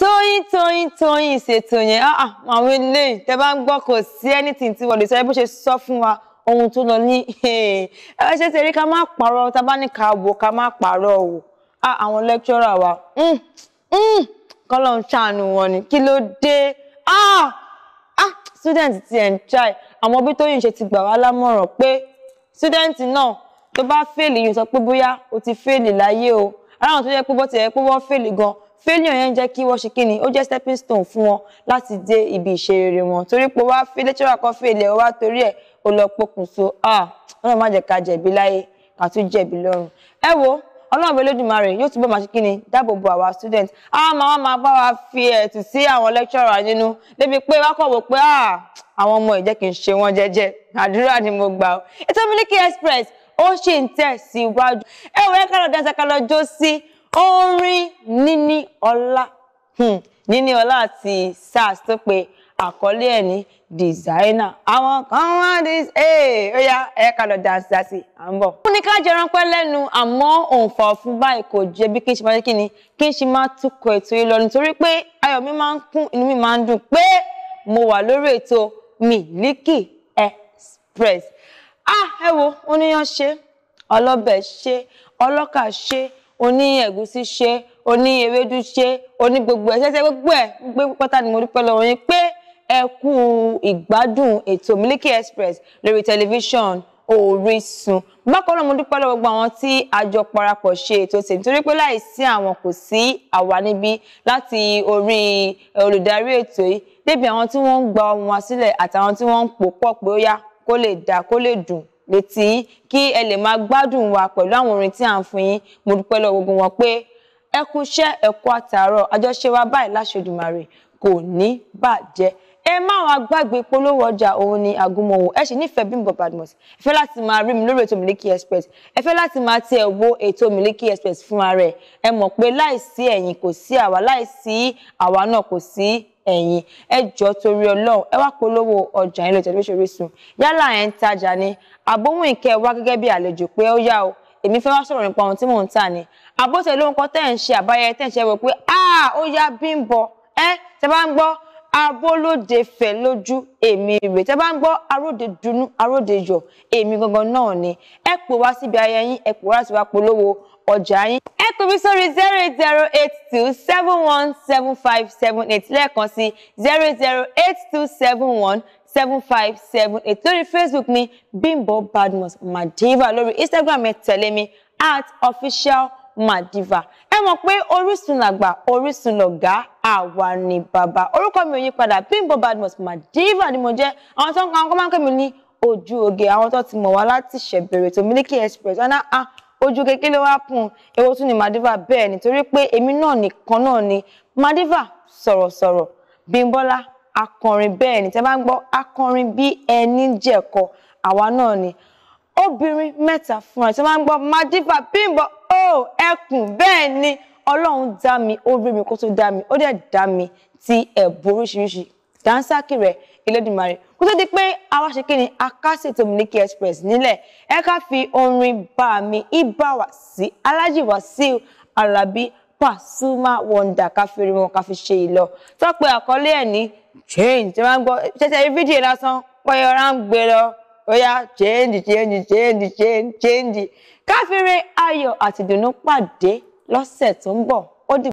tóyìn tóyìn tóyìn ìṣètò yẹn ah, ah, àwọn eléyìí tẹ bá ń gbọ́ kò sí anything tí wọ́n lè sọ ẹ bó ṣe sọ fún wa ohun tó lọ ní ẹ ṣe ṣe rí ká má pààrọ̀ tá a bá ní ká wò ká má pààrọ̀ o ah, àwọn lecturer wa mm, mm, kọ́lọ̀ ń ṣàánú wọn ni kí ló dé student ti ẹ̀ ń try àwọn bí Tóyìn ṣe ti gbà wá lámọ̀ràn pé student náà tó bá fèlì yìí sọ pé bóyá o ti fèlì láyé o aláwọn tó yẹ pé bó ti yẹ pé wọ́n fèlì gan-an failure yẹn jẹ́ kí wọ́n ṣe kí ni ó jẹ́ stepping stone fún wọn láti dé ibi ìṣe rere wọn torí pé wá fi lẹ́tírà kan fi ilẹ̀ wá torí ẹ̀ ó lọ pokùnso ah ọlọ́run má jẹ́ ká jẹ̀bi láyé ká tún jẹ̀bi lọ́run ẹ wo ọlọ́run bẹ lódùmarè yóò túbọ̀ máa ṣe kí ni dáàbò bo àwa student àwọn máa máa bá wa fi ẹ̀tù sí àwọn lecturer nínú débi pé wákọ̀ wò pé àwọn ọmọ ìjẹ́ kì í ṣe wọ́n jẹ́jẹ́ àdúrà ni mo gbà ó ètò Miliki Express ó ṣì ń tẹ̀ síwájú ẹ wọ ẹ ká lọ dáńsá ká lọ jó sí orin níní ọlá hmm. níní ọlá àti sars tó pe àkọlé ẹ̀ ní designer àwọn kan wá dis ee ó yá ẹ ká lọ dá sí àti à ń bọ̀. fún ní ká jẹ ránpẹ́ lẹ́nu àmọ́ òǹfà ọ̀fun báyìí kò jẹ́ bí kí n ṣe máa kí ni kí n ṣe máa tukọ̀ ètò yìí lọ nítorí pé ayọ̀ mi máa ń kún inú mi máa ń dùn pé mo wà lórí ètò Miliki Express. ah ẹ wo oníyan ṣe ọlọ́bẹ̀ ṣe ọlọ́kà ṣe o ní ẹ̀gúsí ṣe o ní ewédú ṣe o gbogbo ẹ̀ ṣẹ́ṣẹ́ gbogbo ẹ̀ gbogbo pátá ni mo dúpẹ́ lọ́wọ́ yín pé ẹ kú ìgbádùn ètò Miliki Express lórí tẹlifíṣàn Orísun bákan náà mo dúpẹ́ lọ́wọ́ gbogbo àwọn tí a jọ parapọ̀ ṣe ètò ṣe nítorí pé láìsí àwọn kò sí àwa níbí láti orí olùdarí ètò yìí débi àwọn tí wọ́n ń gba ohun wa sílẹ̀ àtàwọn tí wọ́n ń pò pọ̀ pé ó yá kó lè dà kó lè dùn létí kí ẹ lè máa gbádùn wa pẹ̀lú àwọn orin tí à ń fún yín mo dúpẹ́ lọ́wọ́ gbogbo wọn pé ẹ kúṣẹ́ ẹ kú àtàárọ̀ àjọṣe wa báyìí láṣẹdùmarè kò ní bàjẹ́ ẹ máa wá gbàgbé polówó ọjà òun ni àgúnmọ̀wò ẹ sì nífẹ̀ẹ́ Bímbọ́ Badmus ẹ fẹ́ láti máa rí mi lórí ètò Miliki Express ẹ fẹ́ láti máa tiẹ̀ wo ètò Miliki Express fúnra rẹ̀ ẹ mọ̀ pé láìsí ẹ̀yin kò sí àwa láìsí àwa náà kò sí ẹ̀yìn ẹ jọ̀ọ́ torí Ọlọ́run ẹ wá polówó ọjà yín lórí tẹlifíṣàn Orísun yálà ẹ ń tajà ni àbówùn ìkẹ wá gẹ́gẹ́ bí àlejò pé ó yá o èmi fẹ́ wá sọ̀rọ̀ nípa ohun tí mò ń tà ni àbótẹ ló ń kọ́ tẹ́ ń ṣe àbáyẹ tẹ́ ń ṣe wọ pé ah ó yá Bímbọ́ ẹ tẹ́ bá ń gbọ́ abólóde fẹ̀ lójú èmi rè tẹ́ bá ń gbọ́ aróde dunú aróde yọ̀ èmi gangan náà ni ẹ pè wá síbi ayẹyẹ yín ẹ pè wá síbi apolówó ọjà yín. ẹ pè mí sórí zero eight zero eight two seven one seven five seven eight lẹ́ẹ̀kan sí zero eight zero eight two seven one seven five seven eight lórí facebook mi bimbo badmus madiva lórí instagram ẹ tẹ̀lé mi at official madiva ẹ mọ̀ pé orísun làgbà orísun lọ̀gá àwa ni bàbá orúkọ mi ò yí padà bimbo badmus madiva ni mo jẹ́ àwọn tó ń kan àwọn kan máa ń pè mí ní ojú oge àwọn tó ti mọ̀ wá láti ṣẹ̀bẹ̀rẹ̀ tó Miliki Express ọ̀nà ah ojú keke ló wá pùn èwo tún ni Madiva bẹ́ẹ̀ nítorí pé èmi náà nìkan náà ni Madiva sọ̀rọ̀sọ̀rọ̀ Bímbọ́lá akọrin bẹ́ẹ̀ ni tẹ́ bá ń gbọ́ akọrin bí ẹni jẹ̀kọ àwa náà ni obìnrin mẹ́ta fúnra tẹ́ bá ń gbọ́ Madiva Bímbọ́ ó ẹkùn bẹ́ẹ̀ ni Ọlọ́run dá mi ó rí mi kó tó dá mi ó dẹ̀ dá mi ti ẹ̀bùn oríṣiríṣi dánsákì rẹ̀ Elédùmarè kó tó di pé àwa ṣe kí ni akásì tó Miliki Express nílẹ̀ ẹ ká fi orin bá mi ibà wá sí Alhaji Wasiu Alabi Pasuma Wonder ká fi rí wọn ká fi ṣe ìlọ tó pé àkọlé ẹ̀ ní change tí wọ́n gbọ́ ṣẹ̀ṣẹ̀ rí fídíò lásán pọ́yọ̀rá ń lọ bóyá change change change change change káfíńrin ayọ̀ àti ìdùnnú pàdé lọ́sẹ̀ tó ń bọ̀ ó dì